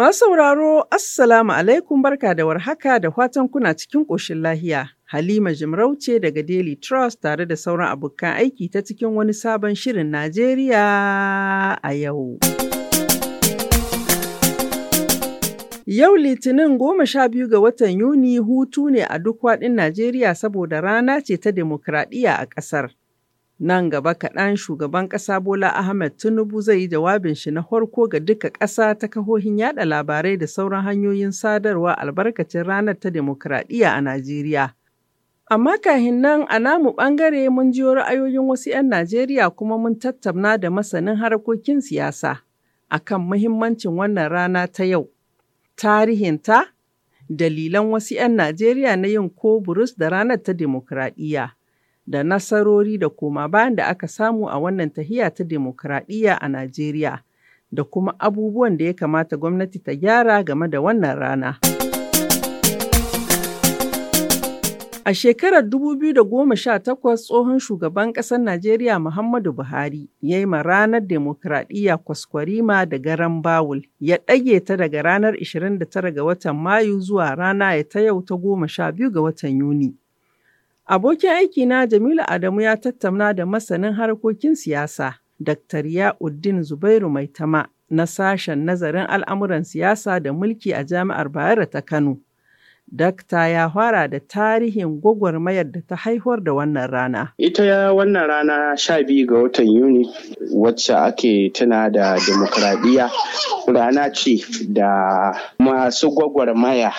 Masu sauraro, Assalamu alaikum barka da warhaka da fatan kuna cikin ƙoshin lahiya. Halima Jimarauce daga Daily Trust tare da sauran abokan aiki ta cikin wani sabon shirin Najeriya a yau. Yau Litinin goma sha biyu ga watan Yuni hutu ne a duk faɗin Najeriya saboda rana ce ta demokradiyya a ƙasar. Nan gaba kaɗan shugaban ƙasa Bola Ahmed Tinubu zai yi jawabin shi na farko ga duka ƙasa ta kahohin yada labarai da sauran hanyoyin sadarwa albarkacin ranar ta demokradiyya a Najeriya. Amma kahin nan a namu ɓangare mun jiyo ra'ayoyin wasu 'yan Najeriya kuma mun tattauna da masanin harkokin siyasa akan muhimmancin wannan rana ta yau. Tarihinta, dalilan wasu 'yan Najeriya na yin ko burus da ranar ta demokradiyya. da nasarori da koma bayan da aka samu a wannan tahiya ta demokradiyya a Najeriya da kuma abubuwan da ya kamata gwamnati ta gyara game da wannan rana. A shekarar 2018 tsohon shugaban ƙasar Najeriya Muhammadu Buhari ya yi ma ranar demokradiyya kwaskwarima da garan Bawul ya ɗage ta daga ranar 29 ga watan Mayu zuwa rana ya ta yau ta 12 ga watan Yuni. Abokin aikina Jamilu Adamu ya tattauna da masanin harkokin siyasa, Dr. Ya'uddin Zubairu Maitama na sashen nazarin al'amuran siyasa da mulki a Jami'ar Bayero ta Kano. Dakta ya fara da tarihin gwagwarmayar da ta haihuwar da wannan rana. Ita ya wannan rana sha biyu ga watan Yuni wacce ake tuna da demokradiyya rana ce da masu gwagwarmaya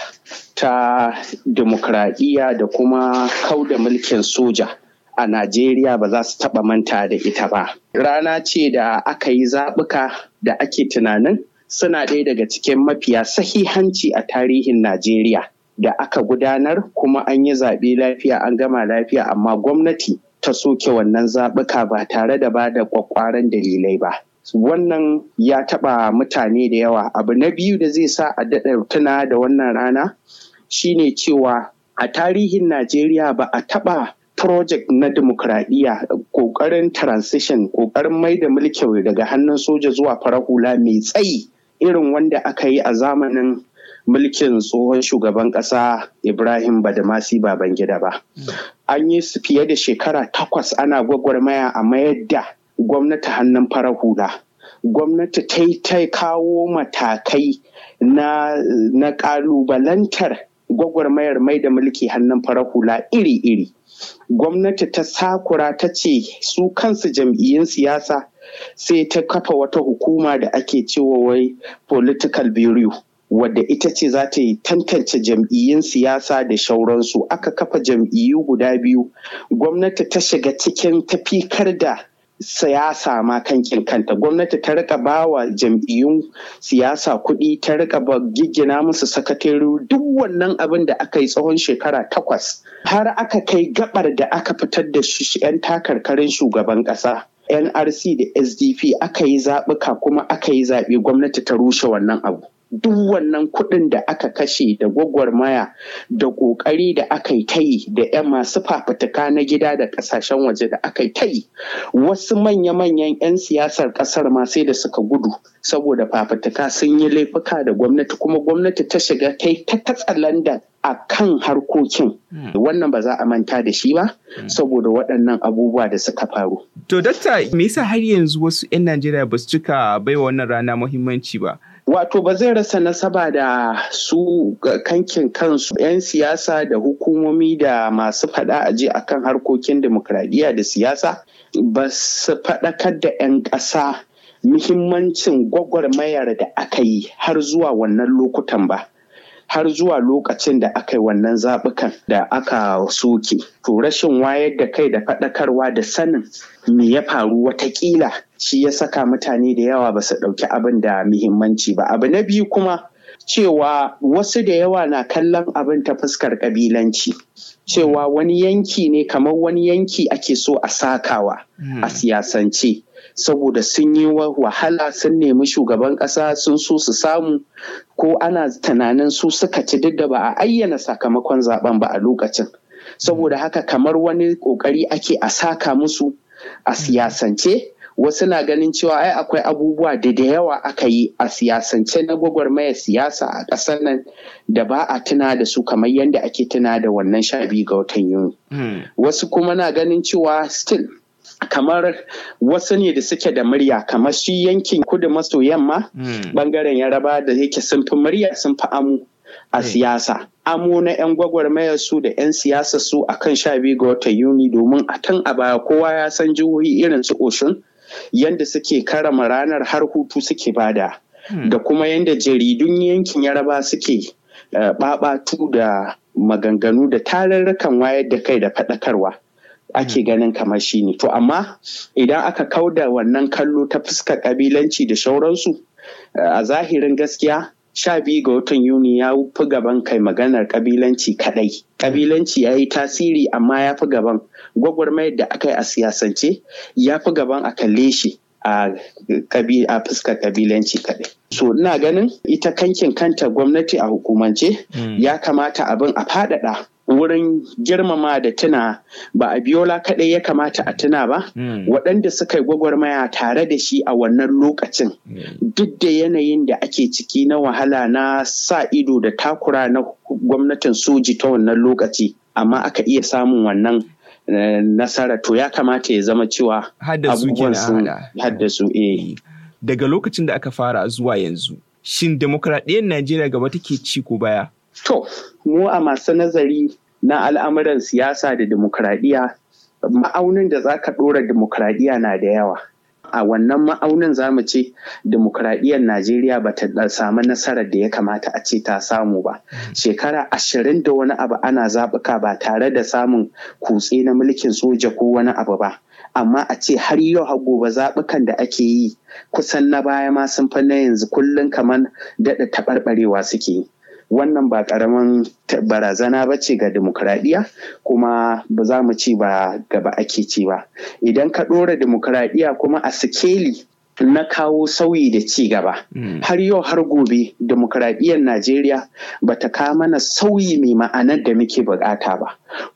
ta demokradiyya da kuma kauda mulkin soja. a Najeriya ba za su taɓa manta da ita ba. Rana ce da aka yi zaɓuka da ake tunanin suna ɗaya daga cikin mafiya sahihanci a tarihin Najeriya. da aka gudanar kuma an yi zaɓe lafiya an gama lafiya amma gwamnati ta soke wannan zaɓuka ba tare da ba da ƙwaƙƙwaran dalilai ba. Wannan ya taɓa mutane da yawa. Abu na biyu da zai sa a daɗa tuna da wannan rana shine cewa a tarihin Najeriya ba a taɓa project na demokradiyya ƙoƙarin transition ƙoƙarin mai da mulki daga hannun soja zuwa farar hula mai tsayi irin wanda aka yi a zamanin mulkin tsohon shugaban ƙasa Ibrahim Badamasi Babangida ba. An yi su fiye da shekara takwas ana gwagwarmaya a mayar da gwamnati hannun farar hula. Gwamnati ta yi ta kawo matakai na, ƙalubalantar gwagwarmayar mai da mulki hannun farar hula iri-iri. Gwamnati ta sakura ta ce su kansu jam'iyyun siyasa sai ta kafa wata hukuma da ake cewa wai political bureau. wadda ita ce za ta yi tantance jam'iyyun siyasa da shauransu aka kafa jam'iyyu guda biyu gwamnati ta shiga cikin tafikar da siyasa ma kan kanta gwamnati ta rika ba wa jam'iyyun siyasa kuɗi ta rika ba giggina musu sakatari duk wannan abin da aka yi tsawon shekara takwas har aka kai gabar da aka fitar da 'yan takarkarin shugaban ƙasa nrc da sdp aka yi zaɓuka kuma aka yi zaɓe gwamnati ta rushe wannan abu duk wannan kuɗin da aka kashe da gwagwarmaya da ƙoƙari da aka yi tayi da 'yan masu fafutuka na gida da ƙasashen waje da aka yi tayi wasu manya-manyan 'yan siyasar ƙasar ma sai da suka gudu saboda fafutuka sun yi laifuka da gwamnati kuma gwamnati ta shiga ta yi ta a kan harkokin hmm. wannan ba za a manta da shi ba hmm. saboda waɗannan abubuwa da suka faru. To, dakta, me yasa har yanzu wasu 'yan Najeriya ba su cika baiwa wannan rana muhimmanci ba? Wato ba zai rasa nasaba da su kankin kansu 'yan siyasa da hukumomi da masu faɗa ji akan harkokin demokradiyya da siyasa ba su faɗakar da 'yan ƙasa muhimmancin gwagwarmayar da aka yi har zuwa wannan lokutan ba. har zuwa lokacin da aka yi wannan zaɓukan da aka soke. To rashin wayar da kai da faɗakarwa da sanin me ya faru watakila shi ya saka mutane da yawa ba su ɗauki abin da muhimmanci ba. Abu na biyu kuma cewa wasu da yawa na kallon abin ta fuskar kabilanci, Cewa wani yanki ne kamar wani yanki ake so a sakawa a hmm. siyasance. Saboda sun yi wahala sun nemi shugaban ƙasa sun so su samu ko ana tunanin su suka ci duk da ba a ayyana sakamakon zaben ba a lokacin. Saboda haka kamar wani ƙoƙari ake a saka musu a hmm. siyasance wasu na ganin cewa ai akwai abubuwa da da yawa aka yi a siyasance na gwagwarmayar siyasa a ƙasar nan da ba a tuna da su kamar yadda ake tuna da wannan sha biyu ga watan yuni hmm. wasu kuma na ganin cewa still kamar wasu ne da suke da murya kamar shi yankin kudu maso yamma bangaren hmm. yaraba da yake sun fi murya sun fi amu a hmm. siyasa. Amu na 'yan gwagwarmayar su da 'yan siyasa su akan kan sha biyu ga watan Yuni domin a tan a baya kowa ya san jihohi irin su Oshun yadda suke karama ranar har hutu suke bada hmm. da kuma yadda jaridun yankin yaraba suke eh, babatu da maganganu da tarurrukan wayar da kai da faɗakarwa ake hmm. ganin kamar shi ne to amma idan aka kauda wannan kallo ta fuskar ƙabilanci da shauransu eh, a zahirin gaskiya sha biyu ga watan Yuni ya fi gaban kai maganar kabilanci kadai. Kabilanci ya yi tasiri amma ya fi gaban gwagwarmayar da aka yi a siyasance ya fi gaban a kalle shi a fuskar kabilanci kadai. So ina ganin ita kankin kanta gwamnati a hukumance hmm. ya kamata abin a faɗaɗa wurin girmama da tuna ba a biyola kaɗai ya kamata a tuna ba hmm. waɗanda suka yi gwagwarmaya tare da shi a wannan lokacin hmm. duk da yanayin da ake ciki na wahala na sa ido da takura na gwamnatin soji ta wannan lokaci amma aka iya samun wannan eh, nasara to ya kamata ya zama cewa abubuwan sun haddasu e. Eh. Hmm. daga lokacin da aka fara zuwa yanzu shin demokradiyyar najeriya gaba take ci ko baya To, mu a masu nazari na al'amuran siyasa da demokradiyya ma'aunin da za ka ɗora demokradiyya na da yawa a wannan ma'aunin za mu ce demokradiyyar najeriya ba ta samu nasarar da ya kamata a ce ta samu ba mm. shekara ashirin da wani abu ana zaɓuka ba tare da samun kutse na mulkin soja ko wani abu ba amma a ce har yau ha gobe zaɓukan da ake yi kusan na baya ma sun fi na yanzu kullum kamar daɗa taɓarɓarewa suke yi wannan ba karamin barazana ba ce ga demokradiyya kuma ba za mu ci ba gaba ake ci ba idan ka ɗora demokradiyya kuma a sikeli na kawo sauyi da ci gaba. Hmm. Har yau har gobe demokradiyyar Najeriya ba ta kawo mana sauyi mai ma'anar da muke bukata ba.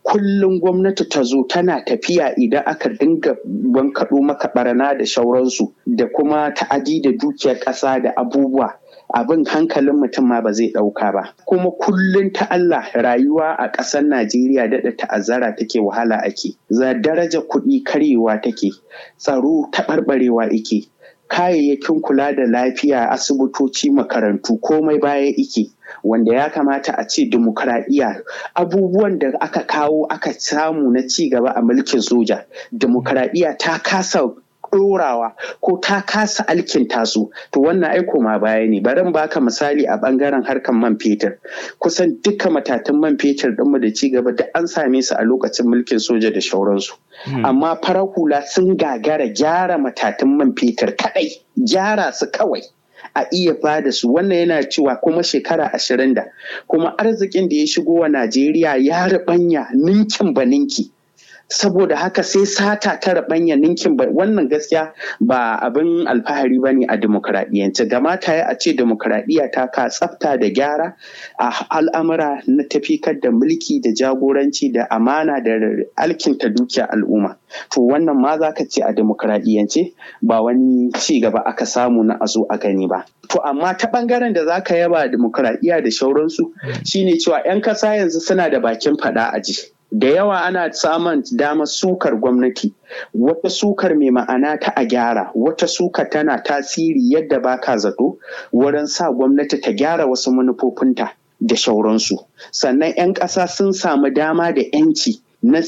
Kullum gwamnati ta zo tana tafiya idan aka dinga bankaɗo maka barana da shauransu da kuma ta'adi da dukiyar ƙasa da abubuwa abin hankalin mutum ma ba zai ɗauka ba kuma kullum ta Allah rayuwa a ƙasar Najeriya daɗa ta'azzara take wahala ake za daraja kuɗi karyewa take tsaro ta ɓarɓarewa ike kayayyakin kula da lafiya asibitoci makarantu komai baya ike wanda ya kamata a ce dimokuraɗiyya, abubuwan da aka kawo aka samu na ci gaba a mulkin soja dimokuraɗiyya ta kasa ɗorawa ko ta kasa alkinta su to wannan aiko ma baya ne barin baka misali a bangaren harkan man fetur kusan duka matatan man fetur ɗinmu da ci gaba da an same su a lokacin mulkin soja da shauransu hmm. amma farar hula sun gagara gyara matatan man fetur kadai gyara su kawai a iya bada su wannan yana cewa kuma shekara ashirin da kuma arzikin da ya shigo wa najeriya ya ninkin ba ninki saboda haka sai sata ta rabanya ninkin wannan gaskiya ba abin alfahari ba ne a demokradiyyance gama ta yi a ce demokradiyya ta ka tsafta da gyara a al'amura na tafikar da mulki da jagoranci da amana da alkinta dukiya al'umma to wannan ma za ka ce a demokradiyyance ba wani ci gaba aka samu na a a gani ba to amma ta bangaren da za ka yaba demokradiyya da shauransu hmm. shine cewa 'yan kasa yanzu suna da bakin fada a ji da yawa ana samun damar sukar gwamnati wata sukar mai ma'ana ta a gyara wata suka tana tasiri yadda ba ka zato wurin sa gwamnati ta gyara wasu manufofinta da shauransu sannan 'yan ƙasa sun samu dama da 'yanci na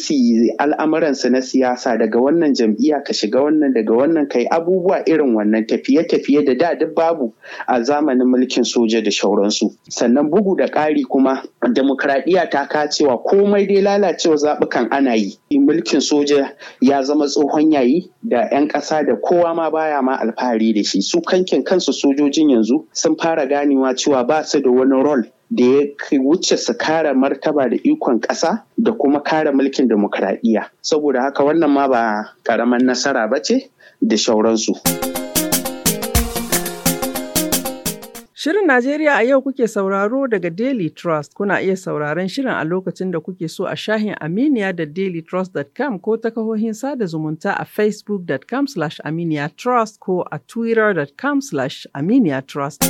al'amuransu na siyasa daga wannan jam'iyya ka shiga wannan daga wannan kai abubuwa irin wannan tafiye-tafiye da da duk babu a zamanin mulkin soja da shauransu sannan bugu da ƙari kuma demokradiyya ta kacewa komai dai lalacewa zaɓukan ana yi mulkin soja ya zama tsohon yayi da 'yan ƙasa da kowa ma baya ma alfahari da shi su kankin kansu sojojin yanzu sun fara ganewa cewa ba su da wani rol da ya wuce su kare martaba da ikon ƙasa da kuma kare mulkin demokradiyya saboda haka wannan ma ba ƙaramin nasara ba ce da shauransu. Shirin Najeriya a yau kuke sauraro daga Daily Trust. Kuna iya sauraron shirin a lokacin da kuke so a shahin Aminiya da dailytrust.com ko ta kahohin sada zumunta a facebook.com/aminiya trust ko a twitter.com/aminiya trust.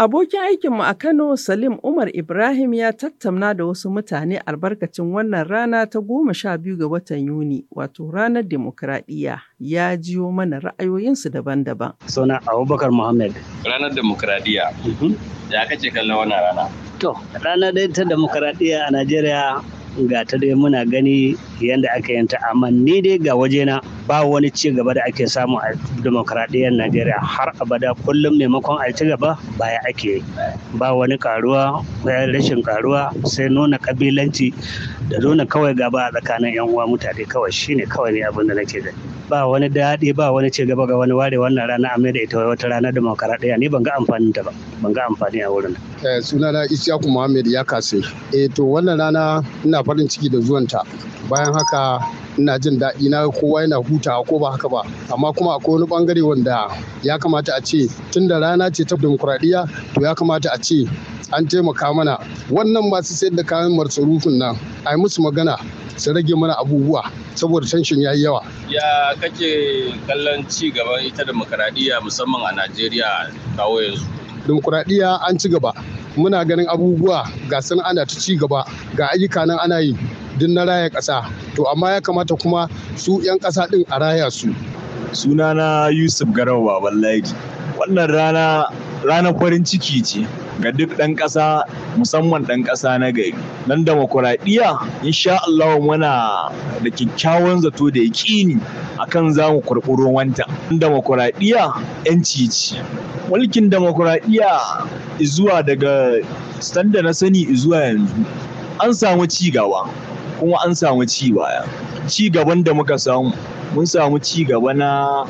Abokin aikinmu a Kano Salim Umar Ibrahim ya tattauna da wasu mutane albarkacin wannan rana ta goma sha biyu ga watan Yuni wato ranar demokradiyya ya jiyo mana ra'ayoyinsu daban-daban. Suna Abubakar Muhammad. Ranar demokradiyya. Mhm. Ya kace kallon wannan rana. To, rana dai ta demokradiyya a Najeriya ga ta dai muna gani yadda aka yanta amma ni dai ga wajena ba wani ci gaba da ake samu a demokradiyyar najeriya har abada kullum maimakon a ci gaba baya ake ba wani karuwa rashin karuwa sai nuna kabilanci da nuna kawai gaba a tsakanin yan uwa mutane kawai shine kawai ne abin da nake gani ba wani daɗi ba wani ci gaba ga wani ware wannan rana a da ita wata rana da makaradaya ni ban ga amfanin ta ba ban ga amfani a wurin eh, sunana Isiyaku muhammed ya kase eh to wannan rana ina farin ciki da zuwan ta bayan haka ina jin daɗi na kowa yana huta ko ba haka ba amma kuma akwai wani bangare wanda ya kamata a ce tun da rana ce ta demokuraɗiyya to ya kamata a ce an taimaka mana wannan masu sayar da kayan rufin nan a musu magana su rage mana abubuwa saboda tension ya yi yawa ya kake kallon ci gaban ita demokaradiyya musamman a najeriya kawo yanzu demokaradiyya an ci gaba muna ganin abubuwa ga sun ana ta ci gaba ga ayyuka nan ana yi din na raya ƙasa to amma ya kamata kuma su 'yan ƙasa ɗin a raya su sunana yusuf garau baban wannan rana ranar farin ciki ce ga duk ɗan ƙasa musamman ɗan ƙasa na gari nan demokuraɗiyya insha Allah muna da kyakkyawan zato da yaƙini akan za mu kurɓuro wanta demokuraɗiyya 'yanci ce mulkin demokuraɗiyya zuwa daga standa na sani zuwa yanzu an samu ci gaba kuma an samu ci baya ci gaban da muka samu mun samu ci gaba na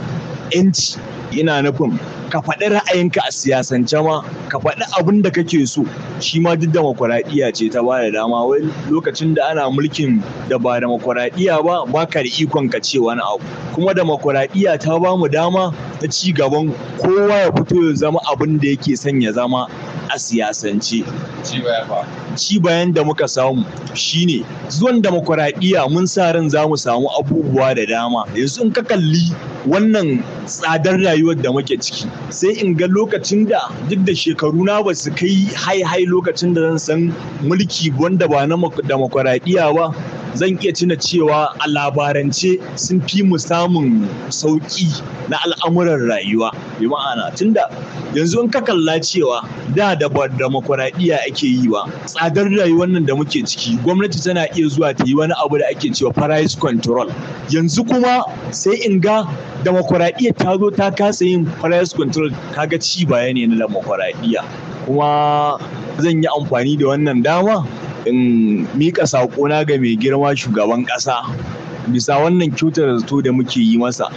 'yanci ina nufin ka faɗi ra'ayinka a siyasance ma ka faɗi abin da kake so shi ma duk demokuraɗiyya ce ta bada da dama wai lokacin da ana mulkin da ba demokuraɗiyya ba ba ka da ikon ka ce wani abu kuma demokuraɗiyya ta ba mu dama ta ci gaban kowa ya fito ya zama abin da yake son ya zama a siyasance ci bayan da muka samu shine zuwan demokuraɗiyya mun sa ran za mu samu abubuwa da dama yanzu in ka kalli wannan tsadar rayuwar da muke ciki sai in ga lokacin da duk da shekaru na ba su kai hai hai lokacin da zan san mulki wanda ba na demokuraɗiyya ba zan iya tuna cewa a labarance sun fi mu samun sauƙi na al'amuran rayuwa bi ma'ana tunda yanzu in ka kalla cewa da da ba demokuraɗiyya ake yi ba tsadar rayuwar nan da muke ciki gwamnati tana iya zuwa ta yi wani abu da ake cewa price control yanzu kuma sai in ga demokuraɗiyya ta zo ta kasa yin price control kaga ci baya ne na demokuraɗiyya kuma zan yi amfani da wannan dama in miƙa saƙona ga mai girma shugaban ƙasa bisa wannan kyautar zato da muke yi masa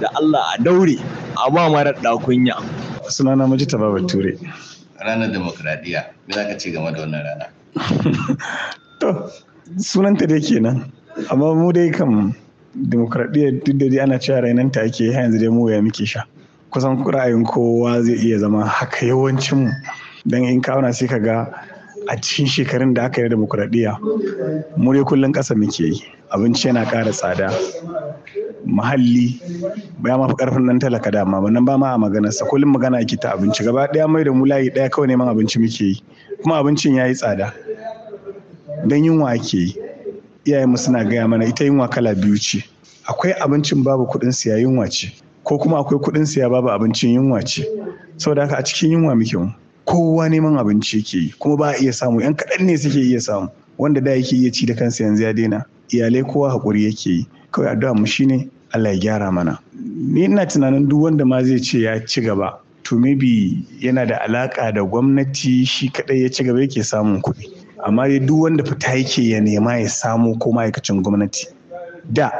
da Allah a daure a ba mara ɗakunya. sunana ta baba ture ranar demokuraɗiyya, me za ka ce game da wannan rana to sunanta dai kenan amma mu dai kam demokradiyya duk da ana cewa ta ake yi yanzu dai mu ya muke sha kusan ra'ayin kowa zai iya zama haka yawancin mu dan in kauna sai ka ga a cikin shekarun da aka yi demokradiyya mu dai kullun ƙasa muke yi abinci yana ƙara tsada muhalli ya mafi karfin nan talaka dama wannan ba ma a maganarsa kullum magana ake ta abinci gaba ɗaya mai da mu layi ɗaya kawai neman abinci muke yi kuma abincin ya yi tsada don yunwa ake yi mu suna gaya mana ita yunwa kala biyu ce akwai abincin babu kuɗin siya yunwa ce ko kuma akwai kuɗin siya babu abincin yunwa ce saboda haka a cikin yunwa muke mu kowa neman abinci yake yi kuma ba a iya samu yan kaɗan ne suke iya samu wanda da yake iya ci da kansa yanzu ya daina iyalai kowa hakuri yake yi kawai addu'a mu shine Allah ya gyara mana ni ina tunanin duk wanda ma zai ce ya ci gaba to maybe yana da alaka da gwamnati shi kadai ya ci gaba yake samun kuɗi amma dai duk wanda fita yake ya nema ya samu ko ma'aikacin gwamnati da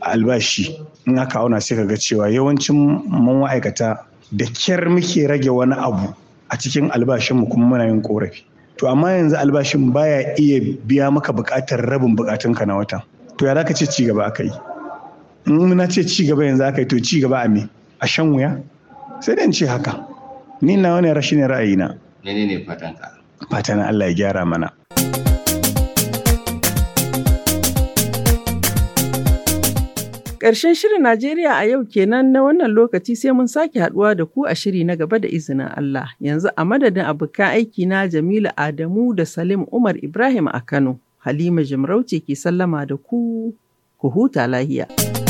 albashi in aka auna sai ka ga cewa yawancin mun wa'aikata. da kyar muke rage wani abu a cikin albashin mu kuma muna yin korafi to amma yanzu albashin baya iya biya maka bukatar rabin ka na wata. to ya zaka ce ci gaba aka yi in muna ce ci gaba yanzu aka yi to ci gaba a me a shan wuya sai dai in ce haka ni na wani rashin ra'ayina menene ka fatan Allah ya gyara mana Ƙarshen shirin Najeriya a yau kenan na wannan lokaci sai mun sake haɗuwa da ku a shiri na gaba da izinin Allah. Yanzu a madadin abokan aiki na Jamilu Adamu da Salim Umar Ibrahim a Kano, Halima Jimarauce ke sallama da ku, ku huta lahiya.